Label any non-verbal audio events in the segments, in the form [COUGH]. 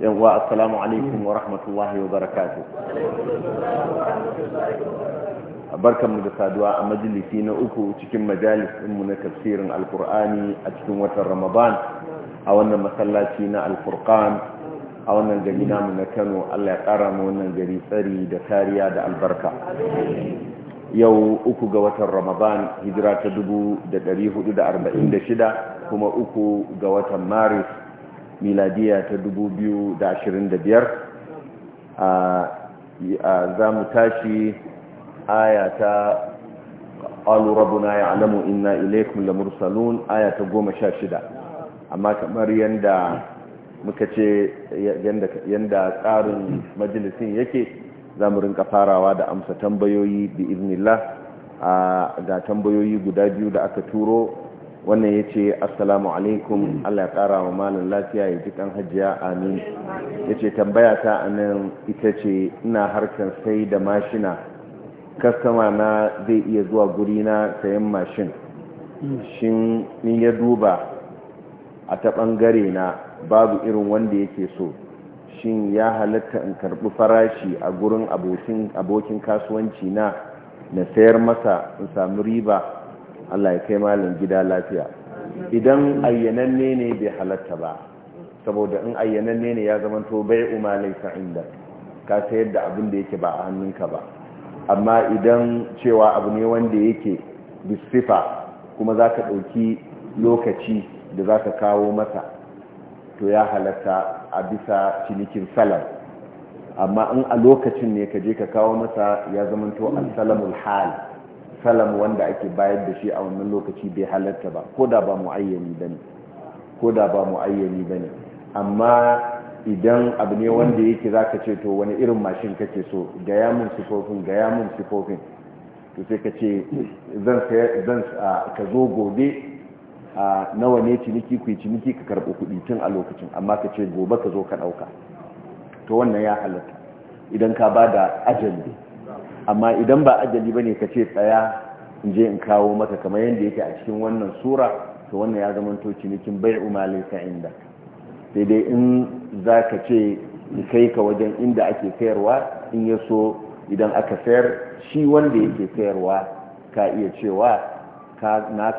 yan uwa assalamu alaikum wa rahmatullahi wa barakatuh barkanmu da saduwa a majalisi na uku cikin majalis mu na tafsirin alkur'ani a cikin watan ramadan a wannan masallaci na alfurqan a wannan gari namu na kano allah ya kara mu wannan gari tsari da kariya da albarka yau uku ga watan ramadan hijira ta shida kuma uku ga watan maris miladiya ta 2025 a za mu tashi aya ta ƙalu na ya alamu inna lamur salon aya ta 16 amma kamar yadda muka ce yadda tsarin majalisin yake za mu rinka farawa da amsa tambayoyi da iznillah ga tambayoyi guda biyu da aka turo wannan ya ce assalamu alaikum allah ya kara wa malin lafiya ya ji kan hajiya amin ya ce tambaya ta a nan ita ce ina harkar sai da mashina kastama na zai iya zuwa guri na sayan mashin shin ni ya duba a ta ɓangare na babu irin wanda yake so shin ya halatta in karɓi farashi a gurin abokin kasuwanci na na sayar masa in samu riba Allah ya kai malam gida lafiya idan ayyananne ne bai halatta ba saboda in ayyananne ne ya zamanto bai umalai inda ka sayar da abin da yake ba a hannunka ba amma idan cewa abu ne wanda yake bisifa kuma za ka ɗauki lokaci da za ka kawo masa to ya halatta a bisa cinikin salam amma in a lokacin ne ka je ka kawo masa ya zamanto al-salamul hal salam wanda ake bayar da shi a wannan lokaci bai halarta ba ko da ba muayyani bane ko da ba muayyani bane amma idan abu ne wanda yake zaka ce to wani irin mashin kake so ga mun sifofin ga mun sifofin to sai ka ce zan ka zo gobe a nawa ne ciniki ku ciniki ka karɓi kuɗi tun a lokacin amma ka ce gobe ka zo ka ɗauka to wannan ya halarta idan ka bada da ajali amma idan ba ajali ba ne ka ce tsaya in je in kawo maka kamar yadda yake a cikin wannan sura to wannan ya zama toci cinikin bai ma ka inda sai dai in za ka ce kai ka wajen inda ake sayarwa in ya so idan aka sayar shi wanda yake sayarwa ka iya cewa na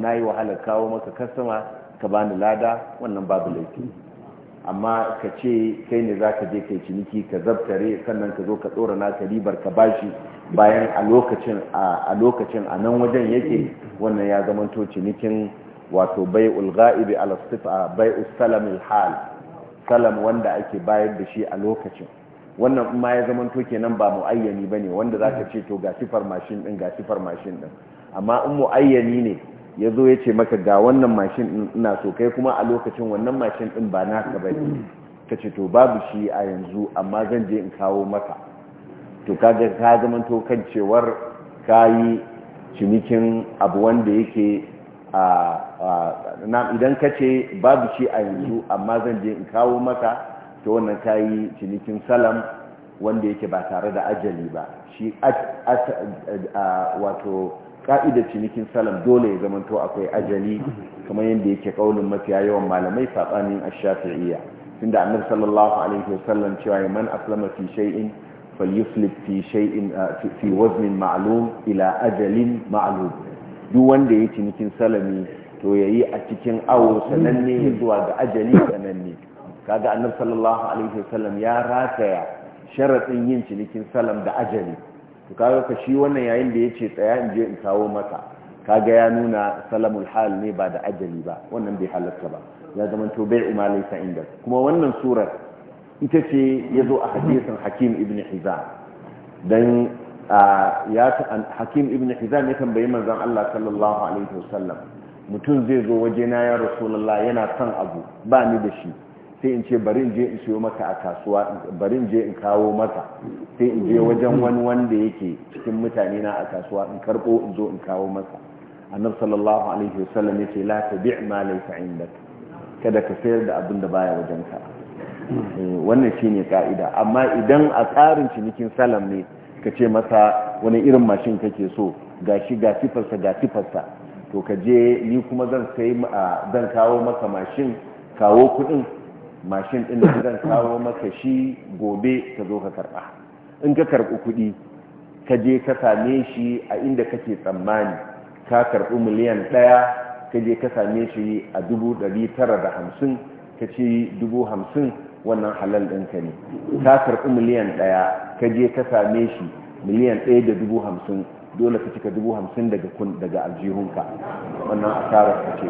na yi wahalar kawo maka kasama ka bani lada wannan babu laifi amma ka ce kai ne za ka je kai ciniki ka zabtare sannan ka zo ka tsora ka ribar ka bashi bayan a lokacin a lokacin a nan wajen yake wannan ya zama to cinikin wato bai ulga'ibi alastifa bai usalamil hal salam wanda ake bayar da shi a lokacin wannan ma ya zama zamanto kenan ba muayyani ne wanda za ka ce to ga mashin din ga mashin din amma in muayyani ne ya zo ya ce maka ga wannan mashin ina so kai kuma a lokacin wannan mashin din ba na ka ka ce to babu shi a yanzu amma zan je in kawo maka to kaga ka zama to kan cewar ka yi cinikin abu wanda yake a na idan ka ce babu shi a yanzu amma zan je in kawo maka to wannan yi cinikin salam wanda yake ba tare da ajali ba shi wato ka'idar cinikin salam dole ya zamanto akwai ajali kamar yadda yake kaulin mafiya yawan malamai sabanin ash-shafi'iyya tunda annabi sallallahu alaihi wasallam cewa man aslama fi shay'in falyuflip fi shay'in ah, fi waznin ma'lum ila ajalin ma'lum duk wanda ya cinikin salami to yayi a cikin awo sananne zuwa ga ajali sananne kaga annabi sallallahu alaihi wasallam ya rataya sharadin yin cinikin salam da ajali to kaga ka shi wannan yayin da yace tsaya in je in kawo maka kaga ya nuna salamul hal ne ba da ajali ba wannan bai halarta ba ya zama to bai umalai sa inda kuma wannan surar ita ce yazo a hadisin hakim ibn hizam dan ya hakim ibn hizam ya tambayi manzon Allah sallallahu alaihi wasallam mutum zai zo waje na ya rasulullah yana son abu ba ni da shi sai in ce bari in je in siyo maka a kasuwa bari in je in kawo maka sai in je wajen wani wanda yake cikin mutane na a kasuwa in karbo in zo in kawo maka annab sallallahu alaihi wasallam yace la tabi' ma laysa indak kada ka sayar da abin da baya wajen ka eh, wannan shine ka'ida amma idan a tsarin cinikin salam ne ka ce masa wani irin mashin kake so gashi ga sifarsa ga sifarsa to ka je ni kuma zan sai zan kawo maka mashin kawo kuɗin mashin ɗin da zan kawo maka shi gobe ka zo ka karɓa in ka karɓi kuɗi ka je ka same shi a inda kake tsammani ka karɓi miliyan ɗaya ka je ka same shi a dubu tara da hamsin ka dubu wannan halal ɗinka ne ka karɓi miliyan ɗaya ka je ka same shi miliyan ɗaya da dubu dole ka cika dubu hamsin daga kun daga aljihunka wannan asarar ka ce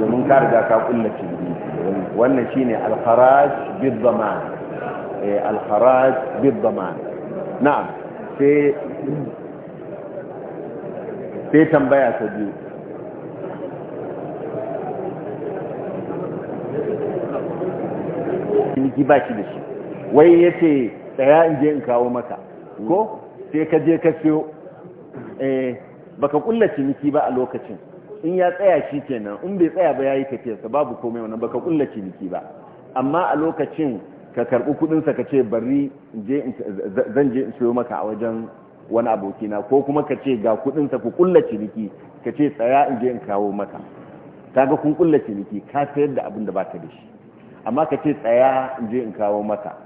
domin ka riga ka kulla biyu wannan shi ne alfaraj bid-daman eh na sai tambaya ta biyu ciniki ba shi da shi wai ya ce tsaya in je in kawo maka ko sai ka je ka siyo eh, baka kulla ciniki ba a lokacin in ya tsaya shi kenan in bai tsaya ba yayi tafiyarsa babu komai wannan baka kulla ciniki ba amma a lokacin ka karbi kudin sa kace bari je zan je in siyo maka a wajen wani abokina ko kuma kace ga kudin sa ku kulla ciniki kace tsaya in je in kawo maka kaga kun kulla ciniki ka sayar da abin da baka da shi amma kace tsaya in je in kawo maka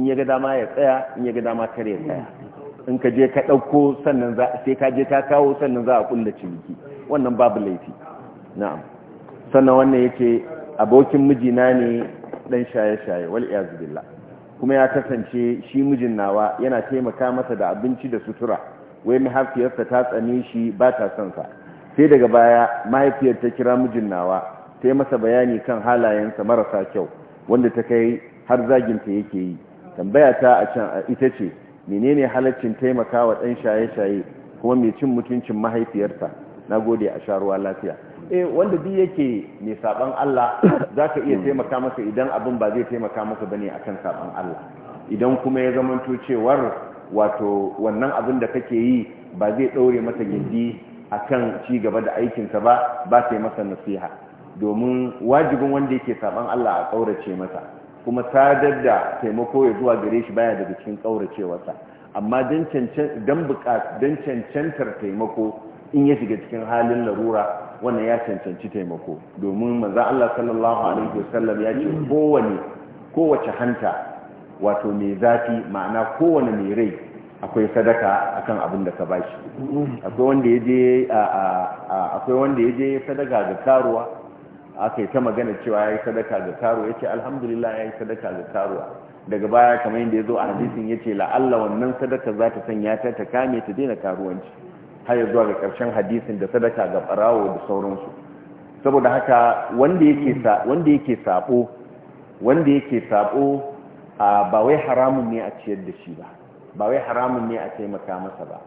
in ya ga dama ya tsaya in ya ga dama kare ya tsaya in ka je ka ɗauko sannan za sai ka je ka kawo sannan za a kulle ciniki wannan babu laifi na'am sannan wannan yake abokin mijina ne ɗan shaye-shaye wal iyazu kuma ya kasance shi mijin nawa yana taimaka masa da abinci da sutura wai mahaifiyarsa ta tsane shi ba ta son sa sai daga baya mahaifiyar ta kira mijin nawa ta yi masa bayani kan halayensa marasa kyau wanda ta kai har zaginta yake yi tambaya ta a can ita ce menene halaccin taimakawa ɗan shaye-shaye kuma mai cin mutuncin mahaifiyarta? na gode a sharuwa lafiya eh wanda duk yake mai saban Allah [COUGHS] za ka iya hmm. taimaka masa idan abin ba zai taimaka masa bane akan saban Allah idan kuma ya zamanto cewar wato wannan abin da kake yi ba zai ɗaure masa gindi akan ci gaba da aikinsa ba ba sai masa nasiha domin wajibin wanda yake saban Allah a ƙaurace masa kuma sadar da taimako ya zuwa gare shi baya daga cikin kauracewarsa amma don cancantar taimako in ya shiga cikin halin larura wannan ya cancanci taimako domin maza Allah sallallahu alaihi wasallam ya ce kowane kowace hanta wato mai zafi ma'ana kowane mai rai akwai sadaka akan abin da ka bashi akwai wanda ya je sadaka ga karuwa aka yi ta magana cewa ya yi sadaka ga taro ya ce alhamdulillah ya yi sadaka ga taro daga baya kamar yadda ya zo a hadisin ya ce la'alla wannan sadaka za ta sanya ta ta kame ta daina karuwanci har ya zuwa ga karshen hadisin da sadaka ga barawo da sauransu saboda haka wanda yake wanda yake sabo wanda yake sabo ba wai haramun ne a ciyar da shi ba ba wai haramun ne a taimaka masa ba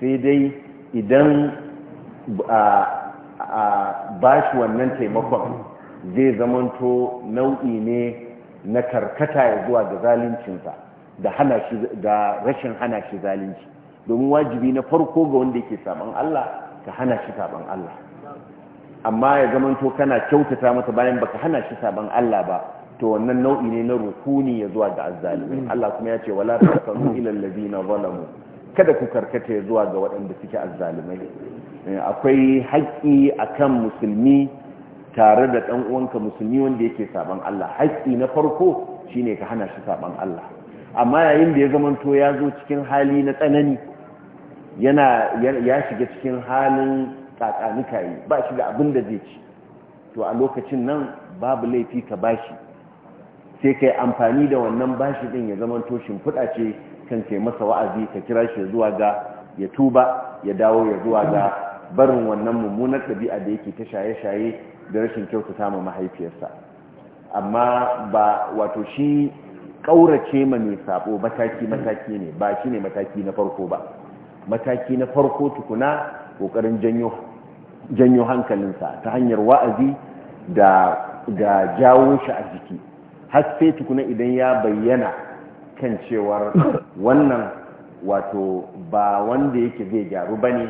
sai dai idan a shi wannan taimakon zai zamanto nau'i ne na karkata ya zuwa ga zaluncinsa da rashin hana shi zalunci domin wajibi na farko ga wanda yake saman Allah ka hana shi saban Allah amma ya zamanto kana kyautata masa bayan baka hana shi saban Allah ba to wannan nau'i ne na rukuni ya zuwa ga azzalimin Allah kuma ya ce wala tasanu ila allazina zalamu kada ku karkata ya zuwa ga waɗanda suke azzalimai Eh, akwai haƙƙi a kan musulmi tare da ɗan uwanka musulmi wanda yake saban Allah haƙƙi na farko shine ka hana shi saban Allah amma yayin da ya zamanto ya zo cikin hali na tsanani yana ya shiga cikin halin yi ba shi da abin da zai ci to a lokacin nan babu laifi ka ba shi sai ka yi amfani da wannan bashi din ya zamanto shimfiɗa ce kan kai masa wa'azi ka kira shi zuwa ga ya tuba ya dawo ya zuwa ga barin wannan mummunar ɗabi'a da yake ta shaye-shaye da rashin kyautata ma mahaifiyarsa amma ba wato shi ƙaurace ma mai sabo mataki-mataki ne ba shi ne mataki na farko ba mataki na farko tukuna ƙoƙarin janyo hankalinsa ta hanyar wa'azi da jawo shi a jiki har sai tukuna idan ya bayyana kan cewar wannan wato ba wanda yake zai gyaru ba ne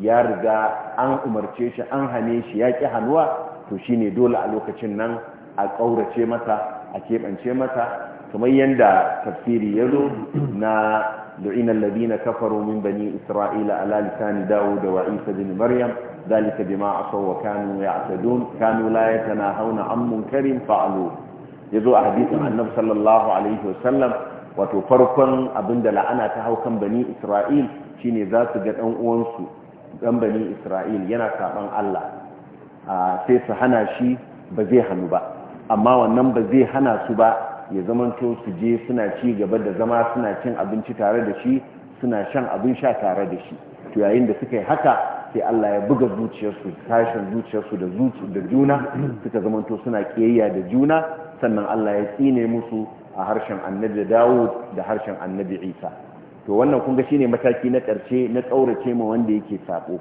ya riga an umarce shi an hane shi ya ƙi hannuwa to shi ne dole a lokacin nan a ƙaurace mata a keɓance mata kamar yadda tafsiri ya zo na lu'ina labi na kafaro min bani isra'ila a lalitani dawo da wa isa bin maryam zalika bi ma aso wa kanu ya asadun kanu la ya tana hauna an ya zo a hadisin annabi sallallahu wato farkon abin da la'ana ta haukan bani isra'il shine za su ga ɗan uwansu ɗan isra'il yana saɓan allah sai su hana shi ba zai hannu ba amma wannan ba zai hana su ba ya zamanto su je suna ci gaba da zama suna cin abinci tare da shi suna shan abin sha tare da shi to yayin da suka yi haka sai allah ya buga zuciyarsu tashin zuciyarsu da juna suka zamanto suna kiyayya da juna sannan allah ya tsine musu a harshen annabi dawud da harshen annabi isa to wannan kunga shi ne mataki na ƙarshe na ƙaurace ma wanda yake sako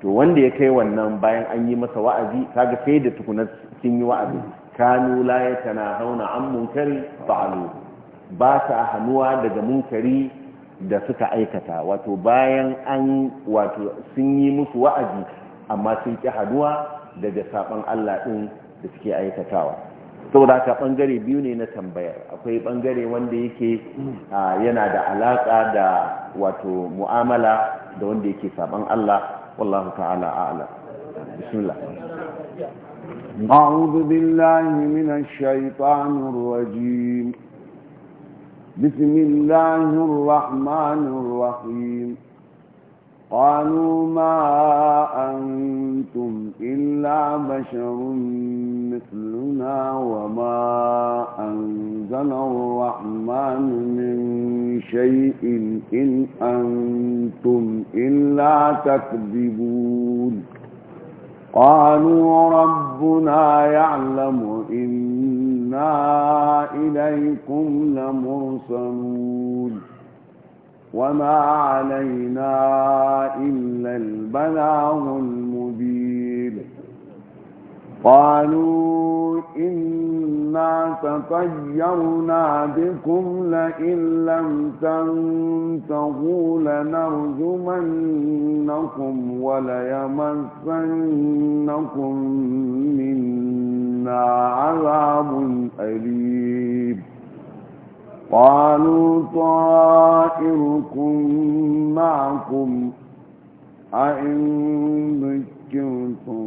to wanda ya kai wannan bayan an yi masa wa'azi kaga sai da tukunar sun yi wa'azi kanu tana hauna an munkari fa'alu ba sa hannuwa daga munkari da suka aikata wato bayan an wato sun yi musu wa'azi amma sun ƙi hannuwa daga saban Allah ɗin da suke aikatawa saboda haka bangare biyu ne na tambayar akwai bangare wanda yake hmm. yana da alaka da wato mu'amala da wanda yake saban Allah wallahu ta'ala a'lam bismillah أعوذ billahi minash shaitanir rajim bismillahir rahmanir rahim قالوا ما أنتم إلا بشر مثلنا وما أنزل الرحمن من شيء إن أنتم إلا تكذبون قالوا ربنا يعلم إنا إليكم لمرسلون وما علينا إلا البلاغ المبين قالوا إنا تطيرنا بكم لئن لم تنتهوا لنرجمنكم وليمسنكم منا عذاب أليم قالوا طائركم معكم أئن ذكرتم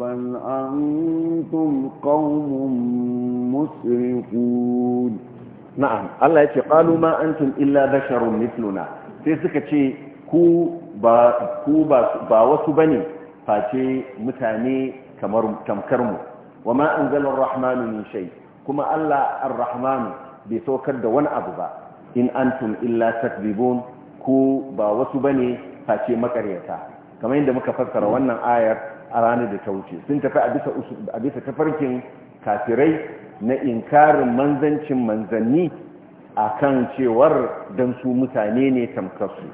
بل أنتم قوم مسرفون na'am Allah ya ce qalu ma antum illa basharun mithluna sai suka ce ku ba ku ba ba wasu bane face mutane kamar tamkar mu wama anzala arrahmanu min shay kuma Allah arrahmanu bai saukar da wani abu ba in antum illa takdibun ku ba wasu bane face makaryata kamar yadda muka fassara wannan ayar a ranar da ta wuce sun tafi a bisa a bisa tafarkin kafirai na inkarin manzancin manzanni akan cewar dan su mutane ne tamkasu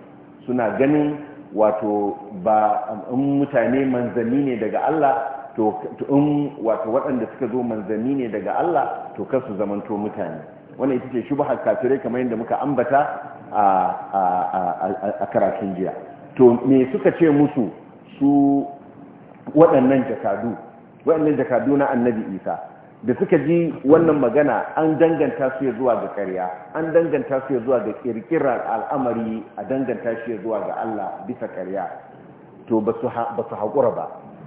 suna ganin wato ba in mutane manzanni ne daga Allah to in wato waɗanda suka zo manzanni ne daga Allah to kar su zamanto mutane Wani ita ce shubahar kafirai kamar yadda muka ambata a karatun jiya to me suka ce musu su waɗannan jakadu waɗannan jakadu na annabi isa da suka ji wannan magana an danganta su ya zuwa ga karya an danganta su ya zuwa ga ƙirƙirar al'amari a danganta shi ya zuwa ga Allah bisa karya to ba su haƙura ba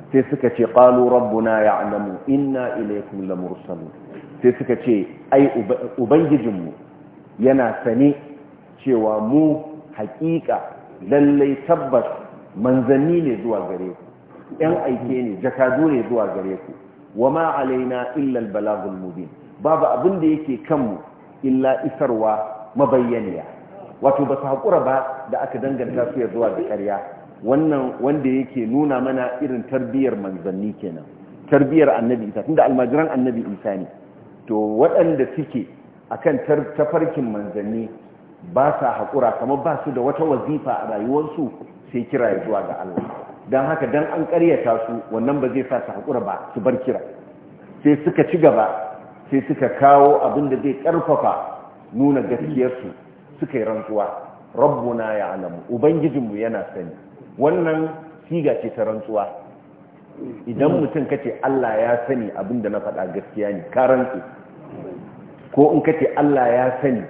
sai suka ce ƙalu rabbuna ya'lamu inna ilaikum lamursalun sai suka ce ai ubangijinmu yana sane cewa mu haƙiƙa lallai tabbas manzanni ne zuwa gare ku ‘yan aike ne jakadu ne zuwa gare ku wa ma alaina illal balagul mubin babu abin da yake kanmu illa isarwa mabayyaniya wato ba su haƙura ba da aka danganta su ya zuwa da ƙarya wannan wanda yake nuna mana irin tarbiyyar manzanni kenan tarbiyyar annabi isa tunda almajiran annabi isa ne to waɗanda suke a kan tafarkin manzanni ba sa haƙura kamar ba su da wata wazifa a rayuwarsu sai kira ya zuwa ga Allah don haka don an ƙaryata su wannan ba zai sa su haƙura ba su bar kira sai suka ci gaba sai suka kawo abin da zai ƙarfafa nuna gaskiyarsu suka yi rantsuwa rabbuna ya alamu ubangijinmu yana sani wannan siga ce ta rantsuwa idan mutum kace Allah ya sani abinda na faɗa gaskiya ne ka rantse ko in kace Allah ya sani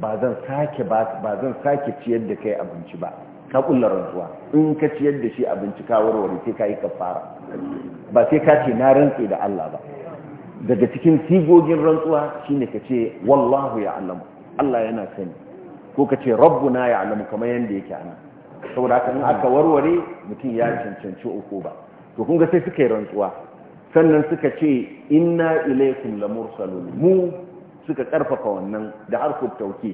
ba zan sake ba zan sake ciyar da kai abinci ba ka kullar rantsuwa in ka ciyar da shi abinci ka warware sai kai kafara ba sai ka ce na rantse da Allah ba daga cikin sigogin rantsuwa shine ka ce wallahu alamu Allah yana sani ko ka ce rabbuna alamu kamar yanda yake ana saboda haka in aka warware mutum ya cancanci uku ba to kun ga sai suka yi rantsuwa sannan suka ce inna ilaikum mursalun mu suka karfafa wannan da harfin tauki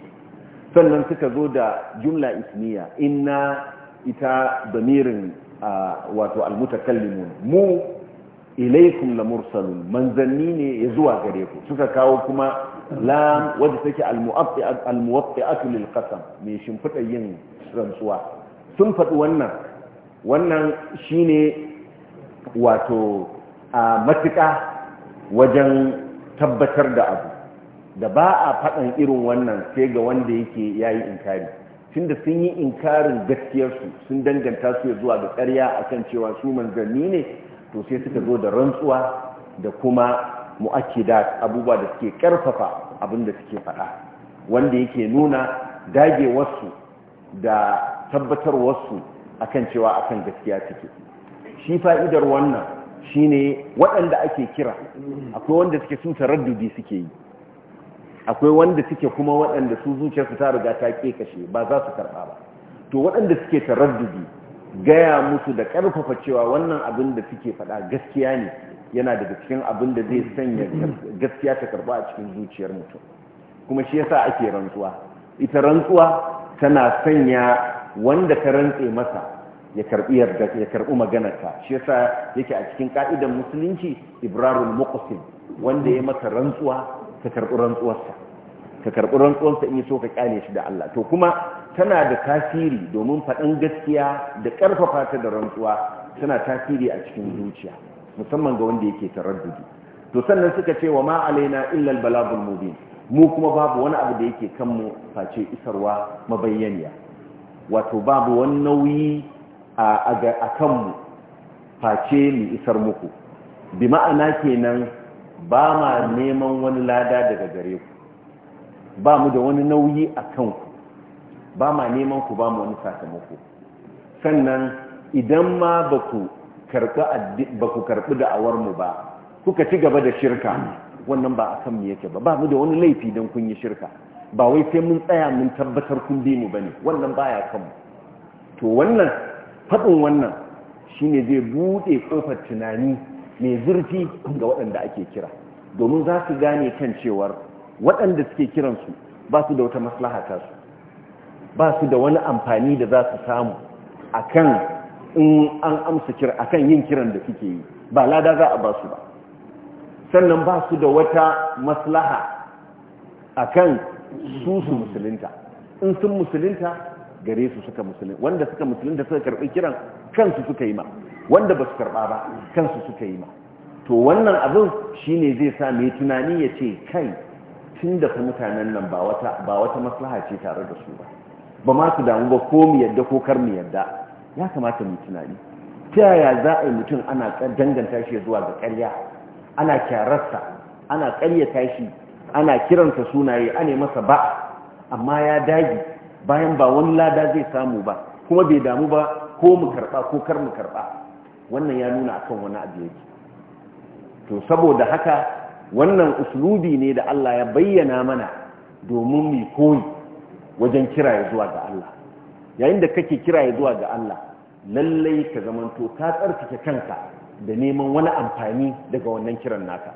sannan suka zo da jumla ismiya inna ita damirin wato almutakallimun mu ilaikum lamursalun manzanni ne ya zuwa gare ku suka kawo kuma lam wadda take almuwaffi'atu lil qasam mai shimfiɗa yin rantsuwa sun faɗi wannan wannan shine wato a matuƙa wajen tabbatar da abu da ba a faɗin irin wannan sai ga wanda yake ya yi inkari tun da sun yi inkarin gaskiyarsu sun danganta su ya zuwa ga ƙarya a kan cewa su manzanni ne to sai suka zo da rantsuwa da kuma mu'akida abubuwa da suke ƙarfafa abin da suke faɗa wanda yake nuna dagewarsu da tabbatarwarsu kan cewa a kan gaskiya suke shi fa'idar wannan shi ne waɗanda ake kira akwai wanda suke sun taraddudi suke yi akwai wanda suke kuma waɗanda su zuciyarsu ta riga ta kashe ba za su karɓa ba to waɗanda suke taraddudi gaya musu da ƙarfafa cewa wannan abin da suke faɗa gaskiya ne yana daga cikin abin da zai sanya gaskiya ta karɓa a cikin zuciyar mutum kuma shi yasa ake rantsuwa ita rantsuwa tana sanya wanda ka rantse masa ya karbi yarda ya karbi maganarka shi yasa yake a cikin ƙa'idar musulunci ibrarul muqsim wanda ya maka rantsuwa ka karɓi rantsuwarsa ka karɓi rantsuwarsa in so ka kyale shi da Allah to kuma tana da tasiri domin faɗan gaskiya da ƙarfafa ta da rantsuwa tana tasiri a cikin zuciya musamman ga wanda yake taraddudi to sannan suka ce wa ma alaina illa albalagul mubin mu kuma babu wani abu da yake kanmu face isarwa mabayyaniya wato babu wani nauyi a kanmu face mu isar muku bi ma'ana kenan ba ma neman wani lada daga gare ku ba mu da wani nauyi a kanku ba ma neman ku ba mu wani sakamako sannan idan ma ba ku karɓi da'awarmu ba kuka ci gaba da shirka wannan ba a kan mu yake ba ba mu da wani laifi don kun yi shirka ba wai sai mun tsaya mun tabbatar kun bi mu bane wannan baya kanmu to wannan faɗin wannan shi ne zai buɗe ƙofar tunani mai zurfi ga waɗanda ake kira domin za su gane kan cewar waɗanda suke kiransu ba su da wata maslaha ta su ba su da wani amfani da za su samu akan in an amsa kira akan yin kiran da suke yi ba lada za a ba su ba sannan ba su da wata maslaha akan su su musulunta in sun musulunta gare su suka musulun wanda suka musulun da suka karɓi kiran kansu suka yi ma wanda ba su karɓa ba kansu suka yi ma to wannan abin shi ne zai sa mai tunani ya ce kai tun da mutanen nan ba wata maslaha ce tare da su ba ba ma su damu ba ko mu yadda ko kar mu yadda ya kamata mai tunani ta yaya za a yi mutum ana danganta shi zuwa ga karya ana kyararsa ana karya tashi. ana kiransa sunaye ana masa ba amma ya dage bayan ba wani lada zai samu ba kuma bai damu ba ko mu karba ko kar mu karba wannan ya nuna akan wani abu yake to saboda haka wannan uslubi ne da Allah ya bayyana mana domin mu koyi wajen kira ya zuwa ga Allah yayin da kake kira ya zuwa ga Allah lallai ka zamanto ka tsarkake kanka da neman wani amfani daga wannan kiran naka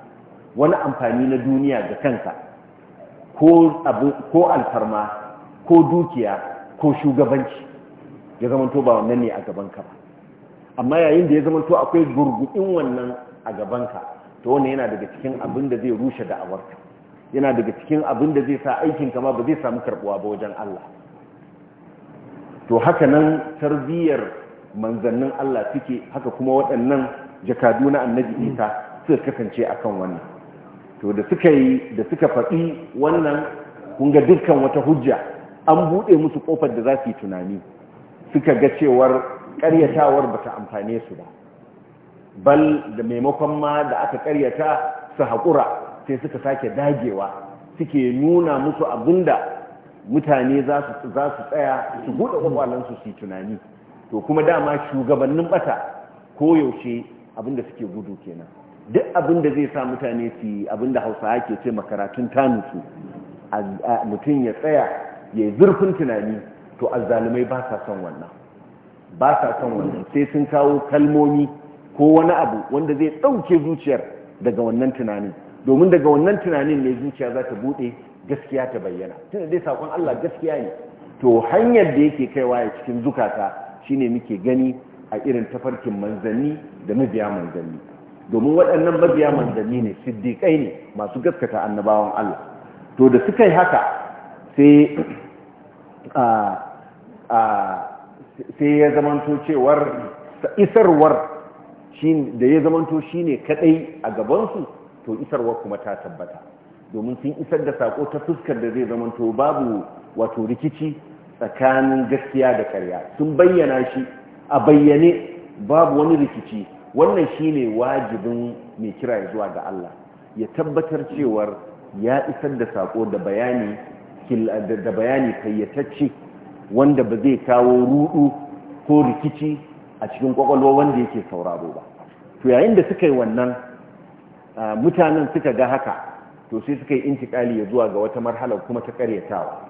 wani amfani na duniya ga kanka ko alfarma ko dukiya ko shugabanci ya to ba wannan ne a gabanka ba amma yayin da ya zamanto akwai gurgudin wannan a gabanka to wannan yana daga cikin abin da zai rushe ka, yana daga cikin abin da zai sa aikin ka ma ba zai samu karbuwa ba wajen Allah to haka nan tarbiyyar manzannin Allah suke haka kuma waɗannan jakadu na annabi Isa suka kasance akan wannan to da suka yi da suka faɗi wannan kun ga dukkan wata hujja an buɗe musu ƙofar da za su yi tunani suka ga cewar ƙaryatawar ba ta amfane su ba bal da maimakon ma da aka ƙaryata su haƙura sai suka sake dagewa suke nuna musu abin da mutane za su tsaya su buɗe ƙwaƙwalansu su yi tunani to kuma dama shugabannin bata koyaushe da suke gudu kenan duk abin da zai sa mutane su yi abin da hausa ke ce makaratun tanusu mutum ya tsaya ya yi zurfin tunani to azzalumai ba sa son wannan ba sa son wannan sai sun kawo kalmomi ko wani abu wanda zai ɗauke zuciyar daga wannan tunanin domin daga wannan tunanin ne zuciya za ta buɗe gaskiya ta bayyana tun dai sakon Allah gaskiya ne to hanyar da yake kaiwa ya cikin zukata shine muke gani a irin tafarkin manzanni da mabiya manzanni domin waɗannan mabiya manzanni ne siddiƙai ne masu gaskata annabawan Allah to da suka yi haka sai sai ya zamanto cewar isarwar da ya zamanto shi ne kadai a gabansu to isarwar kuma ta tabbata domin sun isar da sako ta fuskar da zai zamanto babu wato rikici tsakanin gaskiya da karya sun bayyana shi a bayyane babu wani rikici wannan shi ne wajibin mai kira zuwa ga Allah ya tabbatar cewar ya isar da sako da bayani da bayani kayyatacce wanda ba zai kawo rudu ko rikici a cikin kwakwalwa wanda yake sauraro ba to yayin da suka yi wannan mutanen suka ga haka to sai suka yi intikali ya zuwa ga wata marhalar kuma ta karyatawa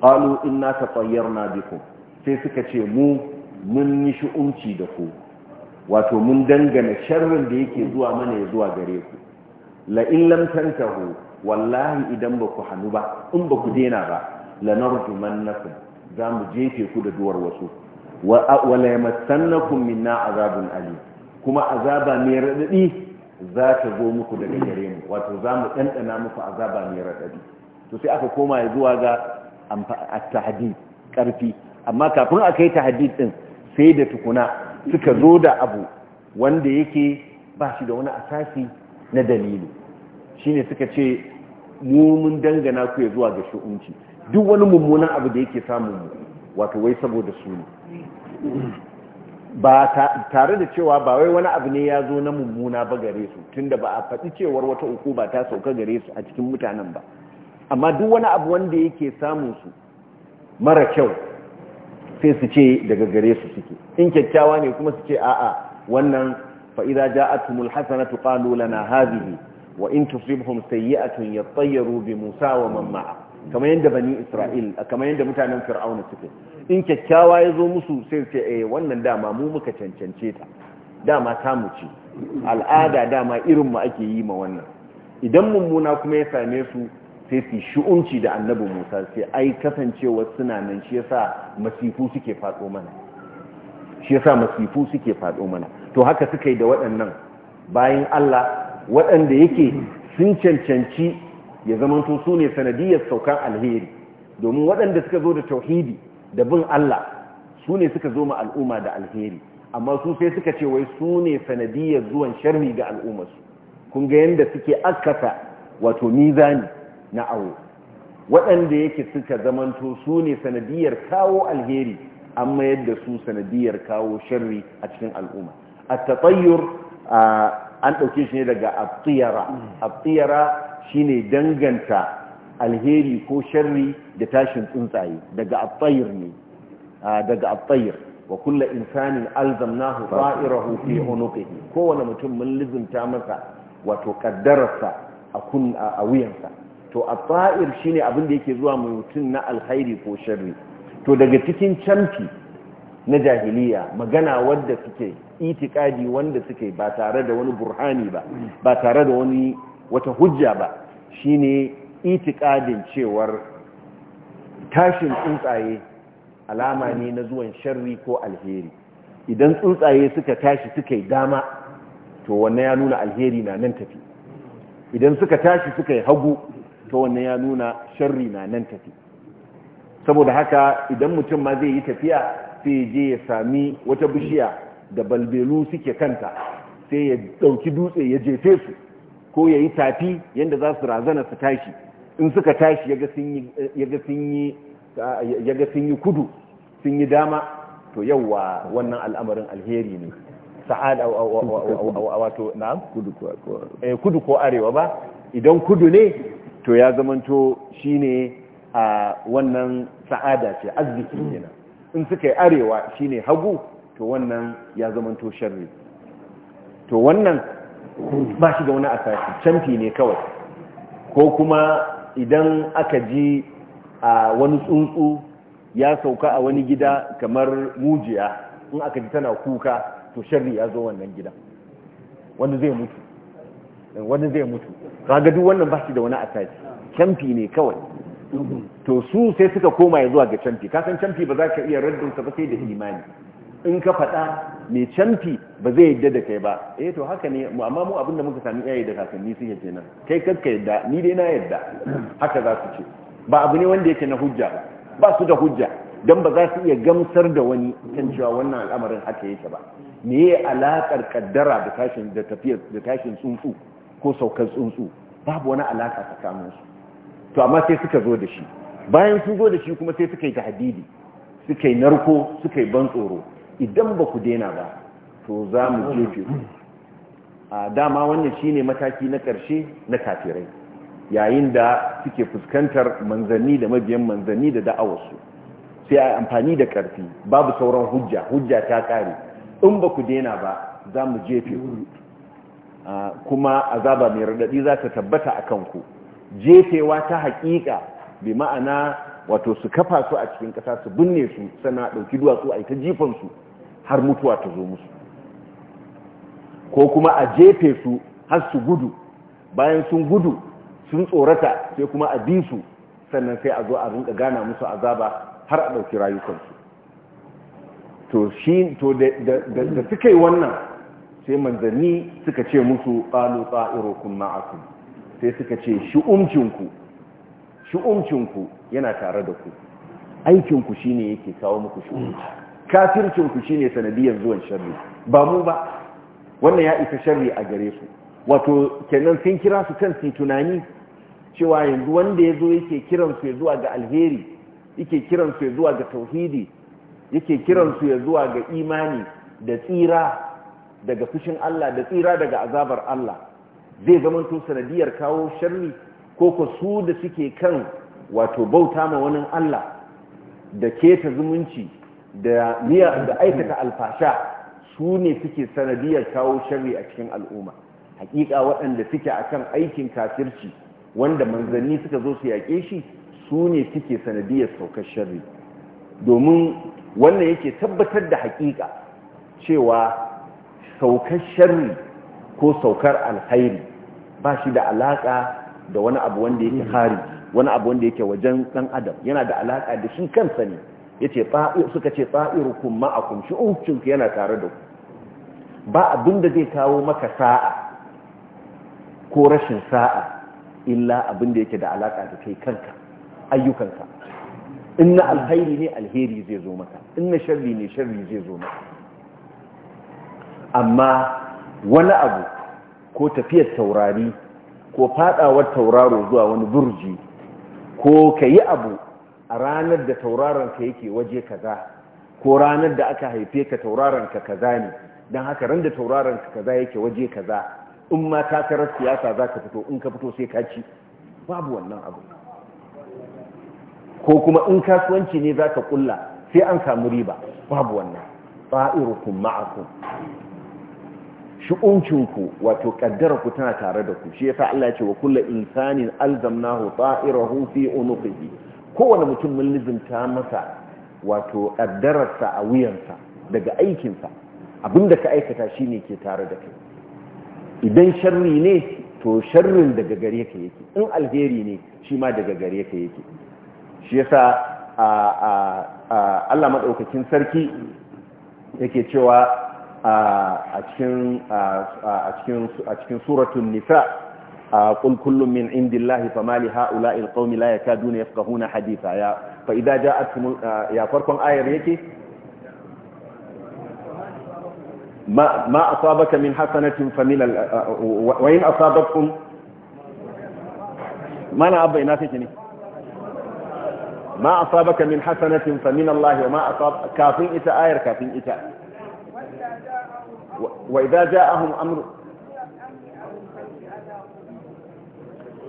qalu inna tatayyarna bikum sai suka ce mu mun yi shi'unci da ku wato mun dangana sharrin da yake zuwa mana ya zuwa gare ku la in tantahu wallahi idan ba ku hannu ba in ba ku dena ba man nakum za mu jefe ku da duwar wasu wala yamassannakum minna azabun ali kuma azaba mai radadi za ta zo muku daga gare mu wato za mu ɗanɗana muku azaba mai radadi to sai aka koma zuwa ga at-tahdid karfi amma kafin a kai tahdid ɗin, sai da tukuna suka zo da abu wanda yake ba shi da wani asasi na dalili shine suka ce mu mun dangana ku ya zuwa ga shi'unci duk wani mummunan abu da yake samun mu wato wai saboda su ne ba tare da cewa ba wai wani abu ne ya zo na mummuna ba gare su tunda ba a faɗi cewar wata uku ba ta sauka gare su a cikin mutanen ba amma duk wani abu wanda yake samun su mara kyau sai su ce daga gare su suke in kyakkyawa ne kuma su ce a'a wannan fa'ida ja'atumul hasanatu qalu lana hadhihi wa in tusibhum sayyi'atun yattayyaru bi Musa wa man ma'a kamar yadda bani Isra'il kamar yanda mutanen Fir'auna suke in kyakkyawa ya zo musu sai ce eh wannan dama mu muka cancance ta dama ta mu ci al'ada dama irin mu ake yi ma wannan idan mummuna kuma ya same su sai su shi'unci da annabi Musa sai ai kasancewa suna nan shi yasa masifu suke fado mana shi yasa masifu suke fado mana to haka suka yi da waɗannan bayan Allah waɗanda yake sun cancanci ya zamanto su ne sanadiyar saukan alheri domin waɗanda suka zo da tauhidi da bin Allah su ne suka zo ma al'umma da alheri amma su sai suka ce wai su ne sanadiyar zuwan sharri ga al'ummarsu kun ga yadda suke akasa wato mizani na awo waɗanda yake suka zamanto su ne sanadiyar kawo alheri an mayar da su sanadiyar kawo sharri a cikin al'umma a a. an ɗauke shi ne daga abtiyara hmm. abtiyara shine danganta alheri ko sharri da tashin tsuntsaye daga abtayir ne ah, daga abtayir wa kulla insanin alzamnahu ta'irahu fi hmm. unuqihi kowane mutum mun lizinta masa wato kaddararsa a a wuyansa to abtayir shine abin da yake zuwa mutum na alkhairi ko sharri to daga cikin canti. na jahiliya magana wanda suke itikadi wanda suke ba tare da wani burhani ba ba tare da wani wata hujja ba shine itikadin cewar tashin tsuntsaye alama ne na zuwan sharri ko alheri idan tsuntsaye suka tashi suka yi dama to wannan ya nuna alheri na nan tafi idan suka tashi suka yi hagu to wannan ya nuna sharri na nan tafi saboda haka idan mutum ma zai yi tafiya sai je ya sami wata bishiya da balbelu suke kanta sai ya ɗauki dutse ya jefe su ko ya yi tafi yadda za su razana su tashi in suka tashi ya ga sun yi kudu sun yi dama to yauwa wannan al'amarin alheri ne sa'ada wato na'am eh, kudu ko arewa ba idan kudu ne to ya zamanto shine a wannan sa'ada ce arziki kenan in suka yi arewa shine hagu to wannan ya zama to sharri to wannan ba shi da wani asasi canfi ne kawai ko kuma idan aka ji a wani tsuntsu ya sauka a wani gida kamar mujiya in aka ji tana kuka to sharri ya zo wannan gidan wanda zai mutu wanda zai mutu ragadu duk wannan ba shi da wani asasi canfi ne kawai to su sai suka koma ya zuwa ga canfi kasan canfi ba za ka iya raddinsa ba sai da imani in ka faɗa mai canfi ba zai yadda da kai ba eh to haka ne amma mu abinda muka sami yayi da kakanni suke kenan kai kakka yadda ni dai na yadda haka za su ce ba abu ne wanda yake na hujja ba su da hujja don ba za su iya gamsar da wani kan cewa wannan al'amarin haka yake ba me ya alaƙar kaddara da tashin tsuntsu ko saukar tsuntsu babu wani alaƙa tsakaninsu to amma sai suka zo da shi bayan sun zo da shi kuma sai suka yi tahdidi suka yi narko suka yi ban tsoro idan ba ku daina ba to za mu jefe ku a dama wannan shine mataki na ƙarshe na kafirai yayin da suke fuskantar manzanni da mabiyan manzanni da da'awarsu sai a amfani da ƙarfi babu sauran hujja hujja ta ƙare in ba ku daina ba za mu jefe ku kuma azaba mai raɗaɗi za ta tabbata a kanku jefewa ta haƙiƙa bi ma'ana wato su kafa su a cikin ƙasa su binne su sana ɗauki duwatsu a yi jifansu har mutuwa ta zo musu ko kuma a jefe su har su gudu bayan sun gudu sun tsorata sai kuma a bi su sannan sai a zo a rinka gana musu azaba har a ɗauki rayukansu to shi to da suka yi wannan sai manzanni suka ce musu ƙalu a ma'akum sai suka ce shi'umcinku shi'umcinku yana tare da ku aikinku shine yake kawo muku shu'umci kafircinku shine sanadiyar zuwan sharri ba mu ba wannan ya isa sharri a gare su wato kenan sun kira su kan su tunani cewa yanzu wanda ya zo yake kiran ya zuwa ga alheri yake kiran ya zuwa ga tauhidi yake kiran ya zuwa ga imani da tsira daga fushin Allah da tsira daga azabar Allah zai zamanto sanadiyar kawo sharri ko ko su da suke kan wato bauta ma wani Allah da keta zumunci da niyya da aikata alfasha su ne suke sanadiyar kawo sharri a cikin al'umma hakika waɗanda suke akan aikin kafirci wanda manzanni suka zo su yaƙe shi su ne suke sanadiyar saukar sharri domin wannan yake tabbatar da hakika cewa saukar sharri ko saukar alkhairi ba shi da alaƙa da wani abu wanda yake mm. hari wani abu wanda yake wajen dan adam yana da alaka da shi kansa ne yace fa'ir suka ce fa'irukum ma'akum shi'ukum yana tare da ku ba abin da zai kawo maka sa'a ko rashin sa'a illa abin da yake da alaka da kai kanka ayyukanka in na alhairi ne alheri zai zo maka in sharri ne sharri zai zo maka amma wani abu ko tafiyar taurari ko fadawar tauraro zuwa wani burji ko ka yi abu a ranar da tauraron ka yake waje kaza ko ranar da aka haife ka tauraron kaza ne don haka ran da tauraron ka kaza yake waje kaza in ma takarar siyasa za ka fito in ka fito sai ka ci babu wannan abu ko kuma in kasuwanci ne za ka kulla sai an samu riba babu wannan fa'irukum ma'akum shi'uncinku wato ku tana tare da ku shi yasa Allah ya ce wa kullu insanin alzamnahu ta'irahu fi unuqihi kowane mutum mun lizinta masa wato ƙaddararsa a wuyansa daga aikinsa abinda ka aikata shine ke tare da kai idan sharri ne to sharrin daga gare ka yake in alheri ne shi ma daga gare ka yake shi yasa a a Allah madaukakin sarki yake cewa a cikin suratun nisa a kulkullun min indi Allah fa mali ha'ula il qawmi la yakaduna yafqahuna ya fa idza ya farkon ayar yake ma ma asabaka min hasanatin fa min al wa in asabakum mana abba ina take ne ma asabaka min hasanatin fa min Allah wa ma asab kafin ita ayar kafin ita wa idza ja'ahum amru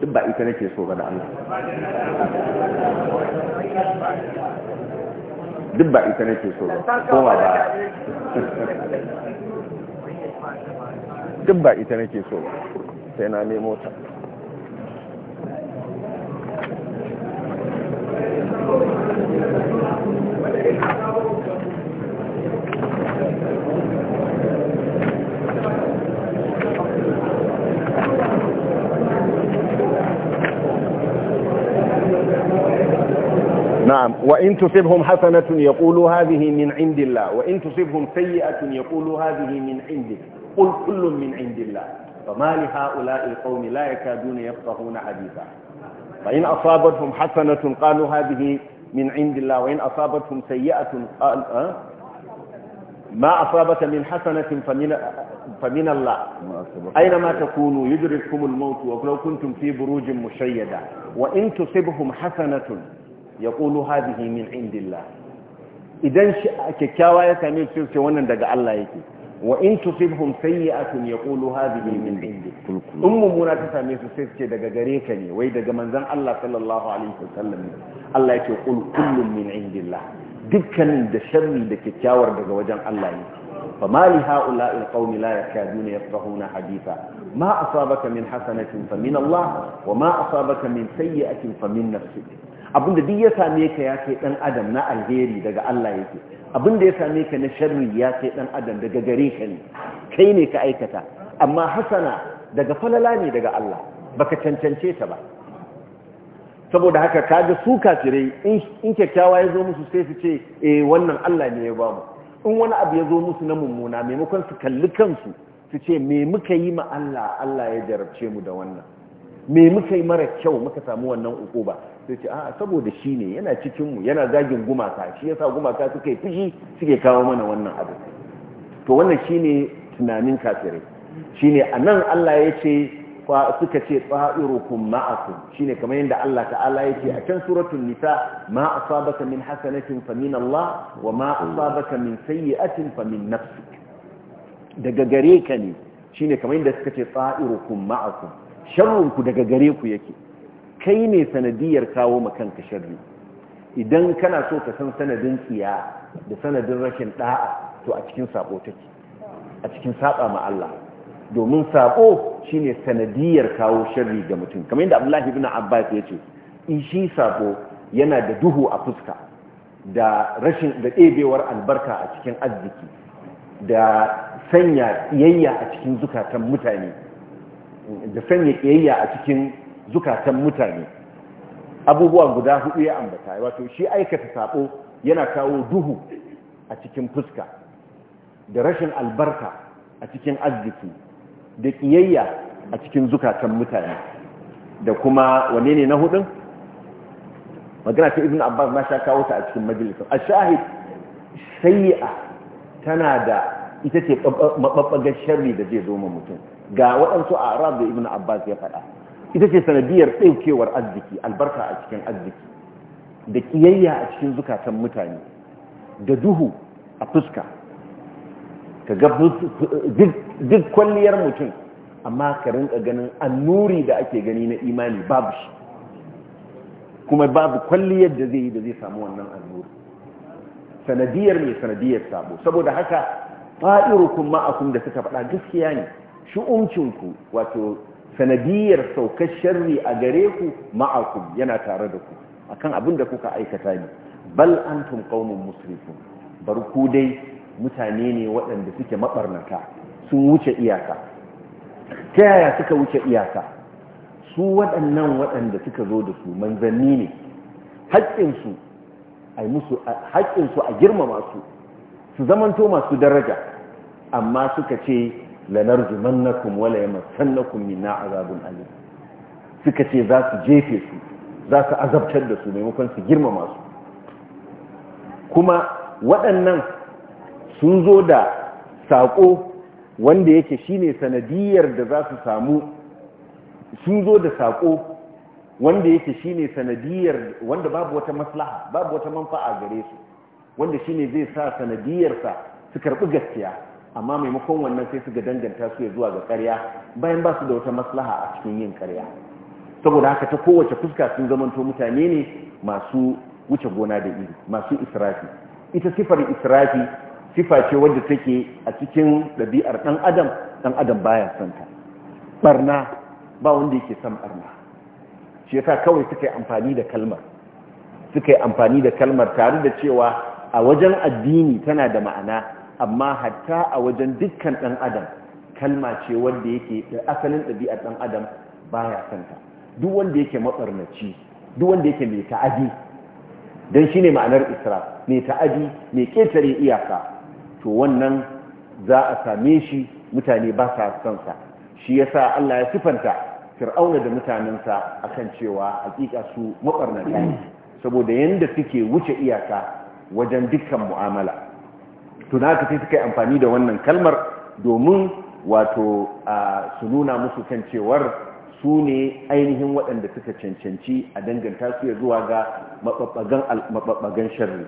duk ba ita nake so ba da Allah duk ba ita nake so ba kowa ba duk ba ita nake so ba sai na nemo ta نعم وإن تصبهم حسنة يقولوا هذه من عند الله وإن تصبهم سيئة يقولوا هذه من عندك قل كل من عند الله فما لهؤلاء القوم لا يكادون يفقهون حديثا فإن أصابتهم حسنة قالوا هذه من عند الله وإن أصابتهم سيئة قال أه؟ ما أصابك من حسنة فمن, فمن الله أينما تكونوا يدرككم الموت ولو كنتم في بروج مشيدة وإن تصبهم حسنة Ya yaqulu hadhihi min indillah idan kyakkyawa ya same shi ce wannan daga Allah yake wa in tusibhum sayyi'atun yaqulu hadhihi min indik in mummuna ta same su sai ce daga gare ka ne wai daga manzon Allah sallallahu alaihi wasallam Allah yake qul kullun min indillah dukkanin da sharri da kyakkyawar daga wajen Allah ne fa ma li ha'ula'i alqawmi la yakaduna yafqahuna haditha ma asabaka min hasanatin fa min Allah wa ma asabaka min sayyi'atin fa min nafsik abinda duk ya same ka ya kai dan adam na alheri daga Allah yake abinda ya same ka na sharri ya kai dan adam daga gare ka ne kai ne ka aikata amma hasana daga falala ne daga Allah baka cancance ta ba saboda haka kaga su kafirai in kyakkyawa ya zo musu sai su ce eh wannan Allah ne ya ba mu in wani abu ya zo musu na mummuna maimakon su kalli kansu su ce me muka yi ma Allah Allah ya jarabce mu da wannan me muka yi mara kyau muka samu wannan ukuba sai ce a'a saboda shi ne yana cikinmu yana zagin gumaka shi ya sa gumaka suka yi fushi suke kawo mana wannan abu to wannan shine tunanin kafirai shine anan Allah ya ce suka ce ta'irukum ma'akum shine kamar yadda Allah ta'ala ya ce a can suratun nisa ma asabaka min hasanatin fa min Allah wa ma asabaka min sayyi'atin fa min nafsik daga gare ka ne shine kamar yadda suka ce ta'irukum ma'akum sharrunku daga gare ku yake kai ne sanadiyar kawo makanka sharri idan kana so ka san sanadin tsiya da sanadin rashin da'a to a cikin sabo take a cikin saba ma Allah domin sabo shine sanadiyar kawo sharri ga mutum kamar yadda Abdullahi ibn Abbas yace shi sabo yana da duhu a fuska da rashin da ɗebewar albarka a cikin arziki da sanya ƙiyayya a cikin zukatan mutane da sanya iyayya a cikin zukatan mutane abubuwa guda hudu ya ambata wato shi aikata sabo yana kawo duhu a cikin fuska da rashin albarka a cikin arziki da kiyayya a cikin zukatan mutane da kuma wane ne na hudun magana ta ibn abbas na sha kawo ta a cikin majalisar a shahid sayi'a tana da ita ce mababbagar sharri da zai zo ma mutum ga waɗansu a arab da ibn abbas ya faɗa ita ce sanadiyar ɗaukewar arziki albarka a cikin arziki da ƙiyayya a cikin zukatan mutane da duhu a fuska ka ga duk kwalliyar mutum amma ka rinka ganin annuri da ake gani na imani babu shi kuma babu kwalliyar da zai yi da zai samu wannan annuri sanadiyar mai sanadiyar sabo saboda haka fa'irukum ma'akun da suka faɗa gaskiya ne shi'uncinku wato sanadiyar saukar sharri a gare ku ma'akum yana tare da ku akan abin da kuka aikata ne bal tun qaumun musrifun bar ku dai mutane ne waɗanda suke maɓarnata sun wuce iyaka ta yaya suka wuce iyaka su waɗannan waɗanda suka zo da su manzanni ne haƙƙinsu a girma haƙƙinsu girmama su su zamanto masu daraja amma suka ce lanarjumannakum wala yamassannakum minna azabun alim suka ce za su jefe su za su azabtar da su maimakon su girmama su kuma waɗannan sun zo da saƙo wanda yake shine sanadiyar da za su samu sun zo da saƙo wanda yake shine sanadiyar wanda babu wata maslaha babu wata manfa'a gare su wanda shine zai sa sanadiyarsa su karɓi gaskiya amma maimakon wannan sai su ga danganta su ya zuwa ga karya bayan ba su da wata maslaha a cikin yin karya saboda haka ta kowace fuska sun zamanto mutane ne masu wuce gona da iri masu israfi ita sifar israfi sifa ce wadda take a cikin ɗabi'ar ɗan adam ɗan adam baya santa barna ba wanda yake son barna shi yasa kawai suka yi amfani da kalmar suka yi amfani da kalmar tare da cewa a wajen addini tana da ma'ana amma hatta a wajen dukkan ɗan adam kalma ce wanda yake da asalin ɗabi'ar ɗan adam baya santa duk wanda yake matsarnaci duk wanda yake mai ta'adi don shi ne ma'anar isra mai ta'adi mai ƙetare iyaka to wannan za a same shi mutane ba sa son sa shi sa Allah ya sifanta fir'auna da mutanensa a kan cewa hakika su matsarnaci saboda yadda suke wuce iyaka wajen dukkan mu'amala to na suka yi amfani da wannan kalmar domin wato su nuna musu kan cewar su ne ainihin waɗanda suka cancanci a danganta su ya zuwa ga maɓaɓɓagan sharri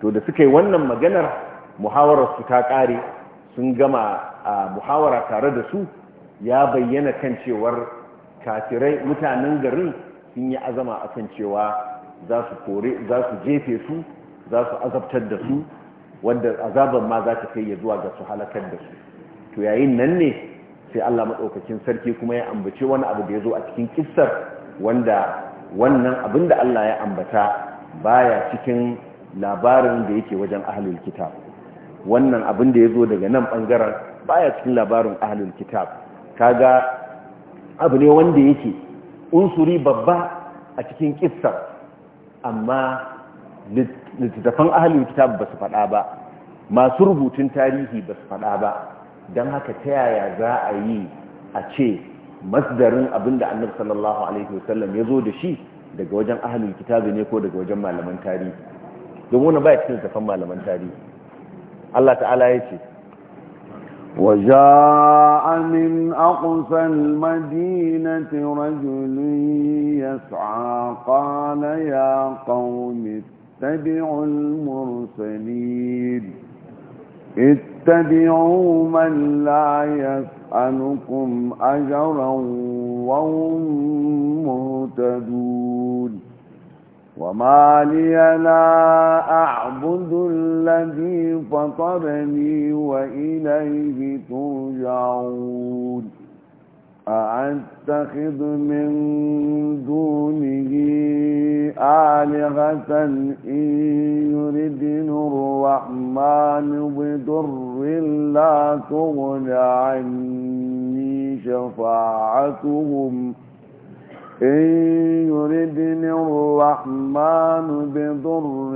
to da suka yi wannan maganar muhawarar su ta ƙare sun gama a muhawara tare da su ya bayyana kan cewar kafirai mutanen garin sun yi azama a kan cewa za su jefe su za su azabtar da su wanda azaban ma za ta kai ya zuwa ga su halakar da su to yayin nan ne sai Allah madaukakin sarki kuma ya ambace wani abu da ya zo a cikin kissar wanda wannan abin da Allah ya ambata baya cikin labarin da yake wajen ahlul kitab wannan abin da ya zo daga nan bangaren baya cikin labarin ahlul kitab kaga abu ne wanda yake unsuri babba a cikin kissar amma littattafan ahalin kitab ba su faɗa ba masu rubutun tarihi ba su faɗa ba don haka ta yaya za a yi a ce masdarin abin da annabi sallallahu alaihi wasallam ya zo da shi daga wajen ahalin kitabi ne ko daga wajen malaman tarihi domin wani baya cikin littattafan malaman tarihi Allah ta'ala ya ce وجاء من أقصى المدينة رجل يسعى قال يا قوم اتبعوا المرسلين اتبعوا من لا يسألكم أجرا وهم مهتدون وما لي لا أعبد الذي فطرني وإليه ترجعون أأتخذ من دونه آلهة إن يردن الرحمن بضر لا تغن عني شفاعتهم إن يردني الرحمن بضر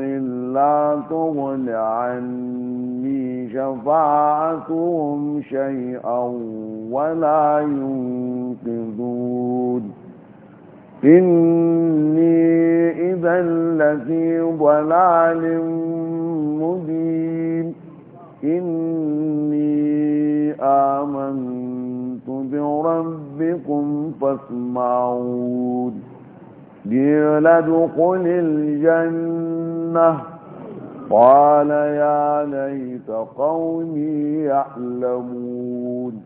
لا تغن عني شفاعتهم شيئا ولا ينقذون إني إذا لفي ضلال مبين إني آمنت بربي ربكم فاسمعون قيل ادخل الجنة قال يا ليت قومي يعلمون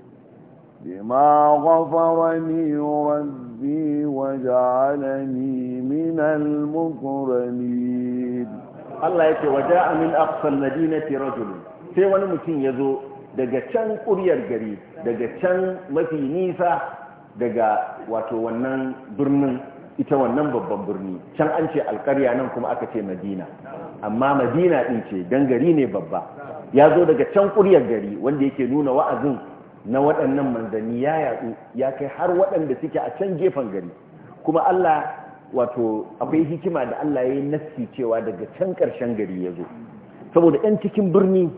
بما غفرني ربي وجعلني من المكرمين الله يكي وجاء من أقصى المدينة رجل في ونمتين يزو daga can ƙuryar gari daga can mafi nisa daga wato wannan birnin ita wannan babban birni can an ce alkarya nan kuma aka ce madina amma madina din ce don gari ne babba ya zo daga can kuryar gari wanda yake nuna wa'azin na waɗannan manzanni ya yaɗu ya kai har waɗanda suke a can gefen gari kuma Allah wato akwai hikima da Allah ya yi nassi cewa daga can ƙarshen gari ya zo saboda 'yan cikin birni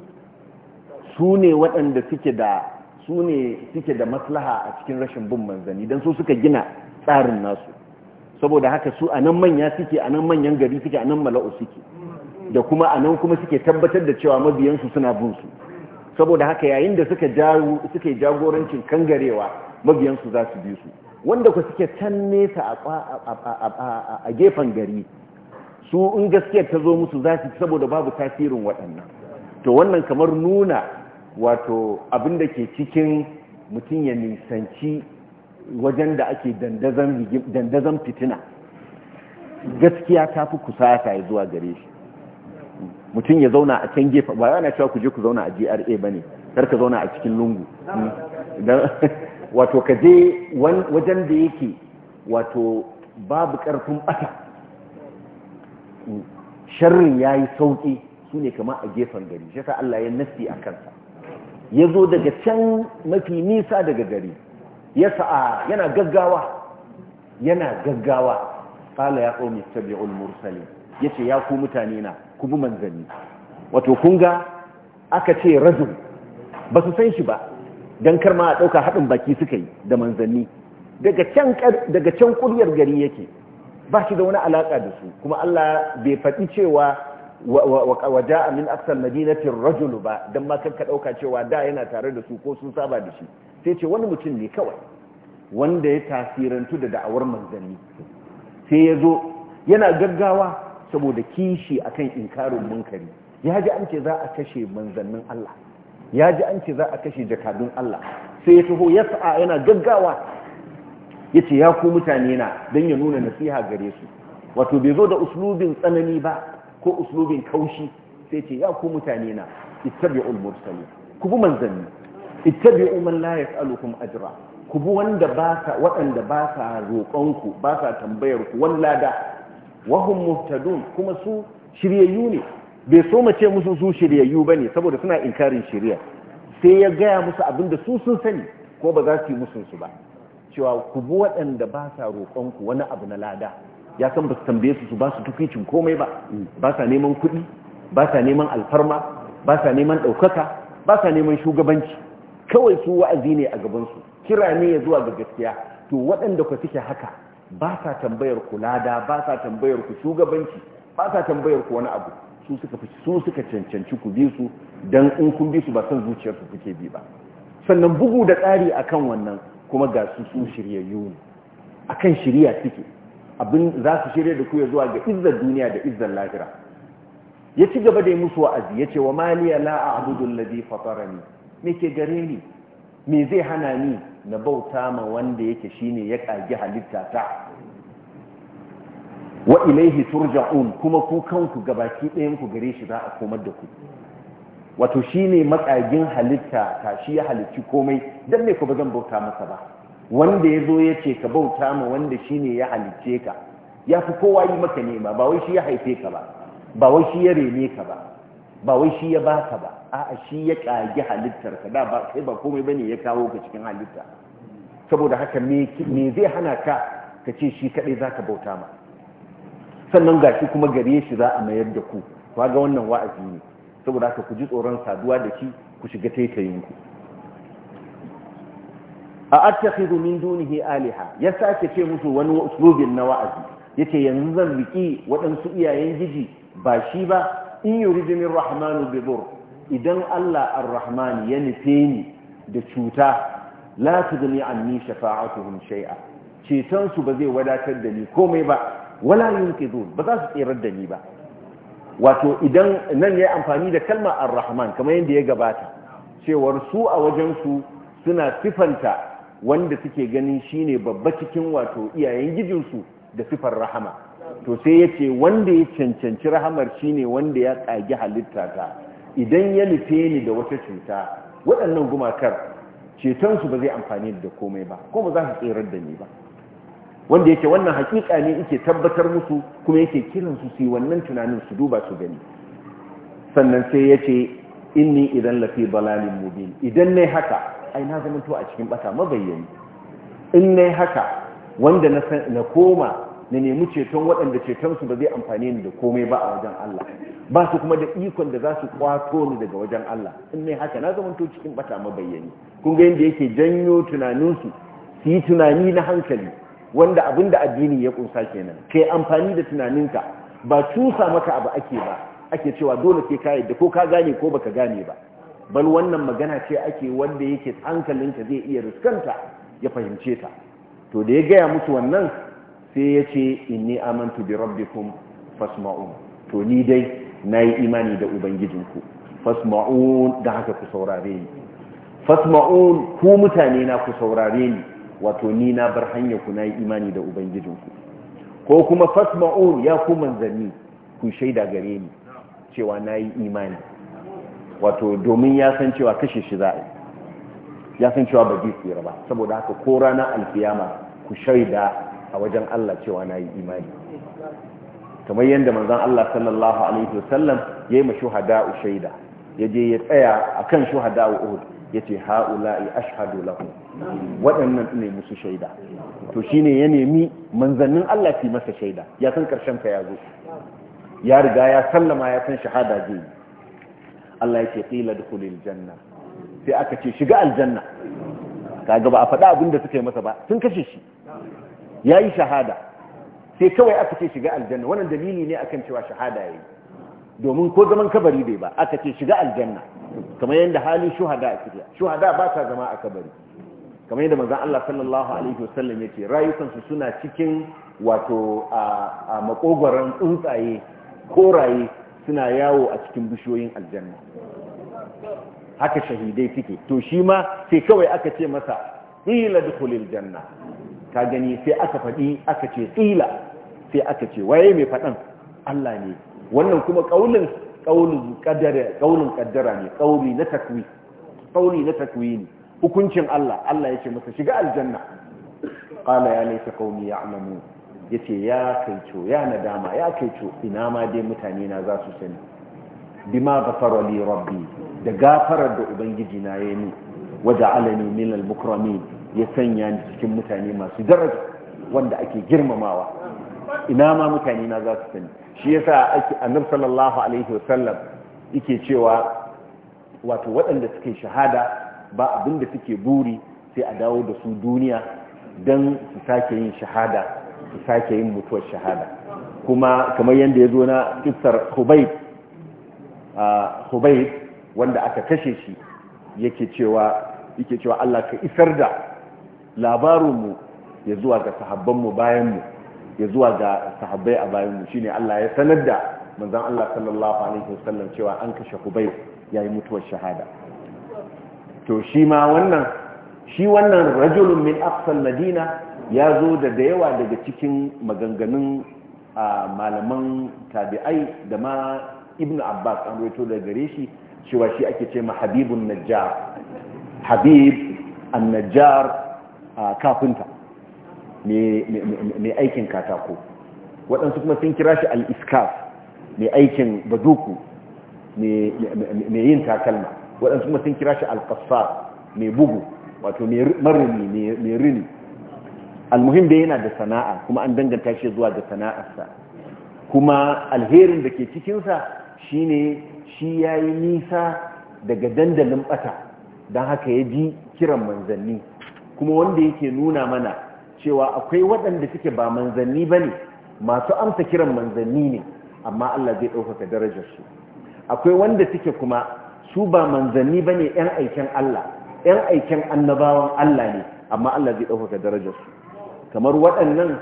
su ne waɗanda suke da su ne suke da maslaha a cikin rashin bin manzanni don su suka gina tsarin nasu saboda haka su a nan manya suke a nan manyan gari suke a nan mala'u suke da kuma a nan kuma suke tabbatar da cewa mabiyansu suna bin su saboda haka yayin da suka suke jagorancin kangarewa mabiyansu za su bi su wanda ku suke can nesa a gefen gari su in gaskiyar ta zo musu za su saboda babu tasirin waɗannan to wannan kamar nuna wato abin da ke cikin mutum ya nisanci wajen da ake dandazon fitina gaskiya ta fi kusata ya zuwa gare shi mutum ya zauna a can gefe ba yana cewa ku je ku zauna a GRA ba ne kar ka zauna a cikin lungu [LAUGHS] wato ka je wajen da yake wato babu karfin bata sharrin ya yi sauki su ne kama a gefen gari shi Allah ya nasi a kansa ya zo daga can mafi nisa daga gari ya sa'a yana gaggawa yana gaggawa kala ya ƙomi tabi'ul mursali ya ce ya ku mutane na ku bi manzanni wato kunga aka ce rajul ba su san shi ba don karma a ɗauka haɗin baki suka yi da manzanni daga can ƙuryar gari yake ba shi da wani alaƙa da su kuma Allah bai faɗi cewa wa ja'a min aksal madinati rajul ba dan ma kanka dauka cewa da yana tare da su ko sun saba da shi sai ce wani mutum ne kawai wanda ya tasirantu da da'awar manzanni sai ya zo yana gaggawa saboda kishi akan inkarin munkari ya ji an ce za a kashe manzannin Allah yaji ji an ce za a kashe jakadun Allah sai ya taho ya sa'a yana gaggawa ya ce ya ku mutane na dan ya nuna nasiha gare su wato bai zo da uslubin tsanani ba ko uslubin kaushi sai ce ya ku mutane na ittabi'ul mursali ku bi manzanni ittabi'u man la yas'alukum ajra ku bi wanda ba ka wanda ba ka roƙon ku ba ka tambayar ku wallada wa hum muhtadun kuma su shiryayyu ne bai so mace musu su shiryayyu bane saboda suna inkarin shiriya sai ya gaya musu abinda su sun sani ko ba za su yi musun su ba cewa ku bi waɗanda ba sa roƙon ku wani abu na lada ya san ba su tambaye su su ba su tukuncin komai ba ba sa neman kuɗi ba sa neman alfarma ba sa neman ɗaukaka ba sa neman shugabanci kawai su wa'azi ne a gabansu kira ne ya zuwa ga gaskiya to waɗanda ku suke haka ba sa tambayar ku lada ba sa tambayar ku shugabanci ba sa tambayar ku wani abu su suka fi su suka cancanci ku bi su dan in kun bi su ba san zuciyarsu kuke bi ba sannan bugu da tsari akan wannan kuma ga su su shiryayyu ne akan shirya suke abin za su shirya da ku ya zuwa ga izzar duniya da izzar lahira ya ci gaba da yi musu wa'azi ya ce wa maliya la ladi alladhi ne? me ke gare ni me zai hana ni na bauta ma wanda yake shine ya kage halitta ta wa ilaihi turja'un kuma ku kanku gabaki ɗayan ku gare shi za a komar da ku wato shine makagin halitta ta shi ya halicci komai dan me ku ba zan bauta masa ba wanda ya zo ya ce ka bauta ma wanda shi ne ya halice ka ya fi kowa yi maka nema ba wai shi ya haife ka ba ba wai shi ya rene ka ba ba wai shi ya baka ba a'a shi ya kage halittar ka da ba kai ba komai bane ya kawo ka cikin halitta saboda haka me zai hana ka ka ce shi kadai zaka bauta ma sannan gashi kuma gare shi za a mayar da ku kaga wannan wa'azi ne saboda haka ku ji tsoron saduwa da shi ku shiga taitayin a attakhidhu min dunihi aliha ya sake ce musu wani uslubin na wa'azi yace yanzu zan riki waɗansu iyayen giji ba shi ba in yuridini rahmanu bidur idan Allah ar-rahman ya nufe ni da cuta la tugni anni shafa'atuhum shay'a ceton su ba zai wadatar da ni komai ba wala yunqidun ba za su tsirar da ni ba wato idan nan yayi amfani da kalmar ar-rahman kamar yadda ya gabata cewar su a wajen su suna sifanta wanda suke ganin shine babba cikin wato iyayen gijinsu da sifar rahama to sai ya ce wanda ya cancanci rahamar shine wanda ya ƙagi halitta ta idan ya nufe ni da wata cuta waɗannan gumakar cetonsu ba zai amfani da komai ba ko ba za su tserar da ni ba wanda yake wannan hakika ne yake tabbatar musu kuma yake kiran su yi wannan tunanin su duba su gani sannan sai ya ce inni idan lafi balalin mubin idan ne haka ai na zama to a cikin bata mabayyani in nayi haka wanda na koma na nemi ceton waɗanda ceton su ba zai amfane ni da komai ba a wajen Allah ba su kuma da ikon da za su kwato ni daga wajen Allah in nai haka na zama to cikin bata mabayyani kun ga yanda yake janyo tunanin su su yi tunani na hankali wanda abin da addini ya kunsa kenan kai amfani da tunaninka ba cusa maka abu ake ba ake cewa dole sai ka yadda ko ka gane ko baka gane ba bal wannan magana ce ake wanda yake hankalinka zai iya riskanta ya fahimce ta to da ya gaya musu wannan sai ya ce inni amantu bi rabbikum fasma'un to ni dai na yi imani da ubangijinku fasma'un da haka ku saurare ni fasma'un ku mutane na ku saurare ni wato ni na bar hanya ku na yi imani da ubangijinku ko kuma fasma'un ya ku manzanni ku shaida gare ni cewa na yi imani wato domin ya san cewa kashe shi za a yi ya san cewa ba bi tsira ba saboda haka ko ranar alfiyama ku shaida a wajen Allah cewa na yi imani kamar yadda manzan Allah sallallahu alaihi wasallam ya yi ma shuhada'u shaida ya je ya tsaya akan shuhada'u uhud ya ce ha'ula'i ashhadu lahum waɗannan ne musu shaida to shi ne ya nemi manzannin Allah fi masa shaida ya san karshen ka ya zo ya riga ya sallama ya san shahada zai yi Allah ya ce da dukhulil janna sai aka ce shiga aljanna kaga ba a faɗa abin da suka yi masa ba sun kashe shi yayi shahada sai kawai aka ce shiga aljanna wannan dalili ne akan cewa shahada yayi domin ko zaman kabari bai ba aka ce shiga aljanna kamar yadda halin shuhada a kiriya shuhada ba ta zama a kabari kamar yadda manzon Allah sallallahu alaihi wasallam yake rayukansu suna cikin wato a makogwaron tsuntsaye koraye suna yawo a cikin bishiyoyin aljanna haka shahidai suke to shi ma sai kawai aka ce masa qila dukhulil janna ka gani sai aka faɗi aka ce tsila sai aka ce waye mai faɗan Allah ne wannan kuma ƙaunin ƙaunin ƙaddara ne kauli na takwi na takwini hukuncin Allah Allah ya ce masa shiga aljanna ƙala ya ƙauni ya ya'lamun ya ce ya kaico ya na dama ya kaico ina ma dai mutane na za su sani bima gafara li rabbi da gafarar da ubangiji na ya yi waje alani min al-mukrami ya sanya ni cikin mutane masu daraja wanda ake girmamawa ina ma mutane na za su sani shi yasa ake annab sallallahu alaihi wa sallam yake cewa wato waɗanda suke shahada ba abinda suke buri sai a dawo da su duniya dan su sake yin shahada su sake yin mutuwar shahada kuma kamar yadda ya zo na kisar hubaib wanda aka kashe shi yake cewa yake cewa Allah ka isar da labarunmu ya zuwa ga sahabbanmu bayanmu ya zuwa ga sahabbai a bayanmu shine Allah ya sanar da manzan Allah sallallahu alaihi wasallam cewa an kashe hubaib yi mutuwar shahada to shi ma wannan shi wannan rajulun min aqsal madina ya zo da da yawa daga cikin maganganun malaman tabi'ai da ma ibn abbas an rito da gare shi cewa shi ake ce ma habibun najjar habib an najjar kafinta mai aikin katako waɗansu kuma sun kira shi al-iskaf mai aikin baduku mai yin takalma waɗansu kuma sun kira shi al kassar mai bugu wato mai rini almuhim da yana da sana'a kuma an danganta shi zuwa da sana'arsa kuma alherin da ke cikinsa shine shi ya yi nisa daga dandalin bata don haka ya ji kiran manzanni kuma wanda yake nuna mana cewa akwai waɗanda suke ba manzanni ba ne masu amsa kiran manzanni ne amma Allah zai ɗaukaka su akwai wanda suke kuma su ba manzanni ba ne 'yan aiken Allah 'yan aiken annabawan Allah ne amma Allah zai ɗaukaka su. kamar waɗannan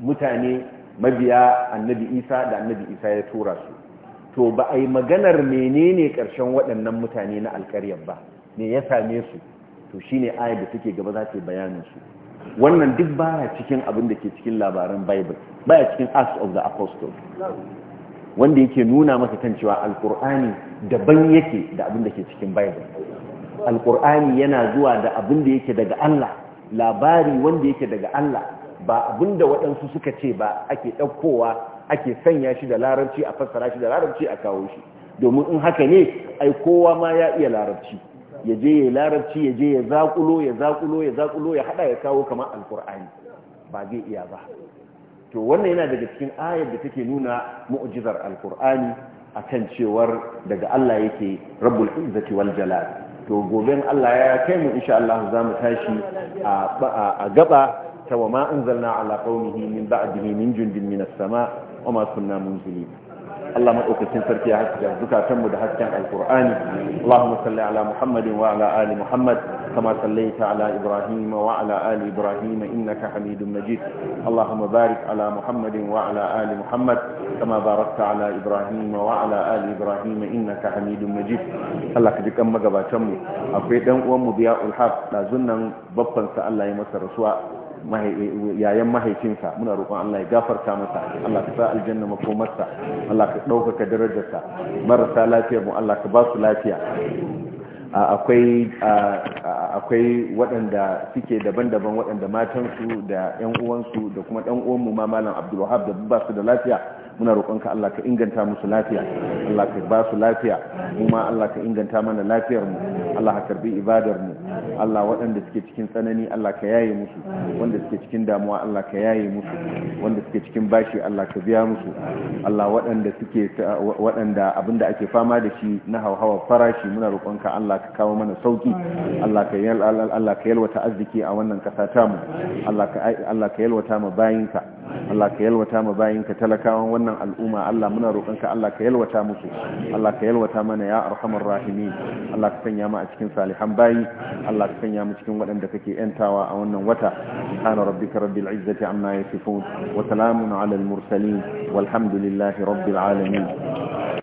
mutane mabiya annabi isa da annabi isa ya tura su to ba a yi maganar menene ƙarshen waɗannan mutane na alƙaryar ba me ya same su to shi ne da suke gaba za ta bayanin su wannan duk baya cikin abin da ke cikin labaran bible baya cikin acts of the apostles wanda yake nuna masa kan cewa Alƙur'ani daban yake da abin da ke cikin bible Alƙur'ani yana zuwa da abin da yake daga Allah labari wanda yake daga Allah ba abinda waɗansu suka ce ba ake ɗaukowa ake sanya shi da larabci a fassara shi da larabci a kawo shi domin in haka ne ai kowa ma ya iya larabci ya je ya larabci ya je ya zaƙulo, ya zakulo ya zakulo ya haɗa ya kawo kamar alkur'ani ba zai iya ba to wannan yana daga cikin ayar da take nuna mu'jizar alkur'ani akan cewar daga Allah yake rabbul izzati wal jalal to goben Allah ya kai mu insha Allah za mu tashi a gaba ta wa ma anzalna ala qaumihi min ba'dihi min jundin min as-sama wa ma kunna munzilin Allah madaukakin sarki ya haska zukatan mu da hasken alqur'ani Allahumma salli ala Muhammadin wa ala ali Muhammad كما صليت على إبراهيم وعلى آل إبراهيم إنك حميد مجيد اللهم بارك على محمد وعلى آل محمد كما باركت على إبراهيم وعلى آل إبراهيم إنك حميد مجيد الله كجك أما قباتهم أفيدا ومضياء الحق لا زلنا بابا سأل الله يمسر رسوء yayan mahaifinsa muna roƙon Allah ya gafarta masa Allah ka sa aljanna makomarsa Allah ka ɗaukaka darajarsa marasa lafiyar mu Allah ka ba su lafiya akwai waɗanda suke daban-daban waɗanda matansu da 'yan uwansu da kuma ɗan uwanmu ma malam abdulwahab da ba su da lafiya muna roƙonka Allah ka inganta musu lafiya Allah ka ba su lafiya mu ma Allah ka inganta mana lafiyar mu Allah ka karbi ibadar mu Allah waɗanda suke cikin tsanani Allah ka yaye musu wanda suke cikin damuwa Allah ka yaye musu wanda suke cikin bashi Allah ka biya musu Allah waɗanda suke waɗanda abinda ake fama da shi na hawa farashi muna roƙonka Allah ka kawo mana sauki Allah ka yalwata arziki a wannan ƙasa tamu Allah ka yalwata ma bayinka Allah ka yalwata mu bayin ka talakawan wannan al'umma Allah muna roƙonka Allah ka yalwata musu Allah ka yalwata mana ya arhamar rahimin Allah ka sanya mu a cikin salihan bayi Allah ka sanya mu cikin waɗanda kake yantawa a wannan wata subhana rabbika rabbil izzati amma yasifun wa salamun ala al mursalin walhamdulillahi rabbil alamin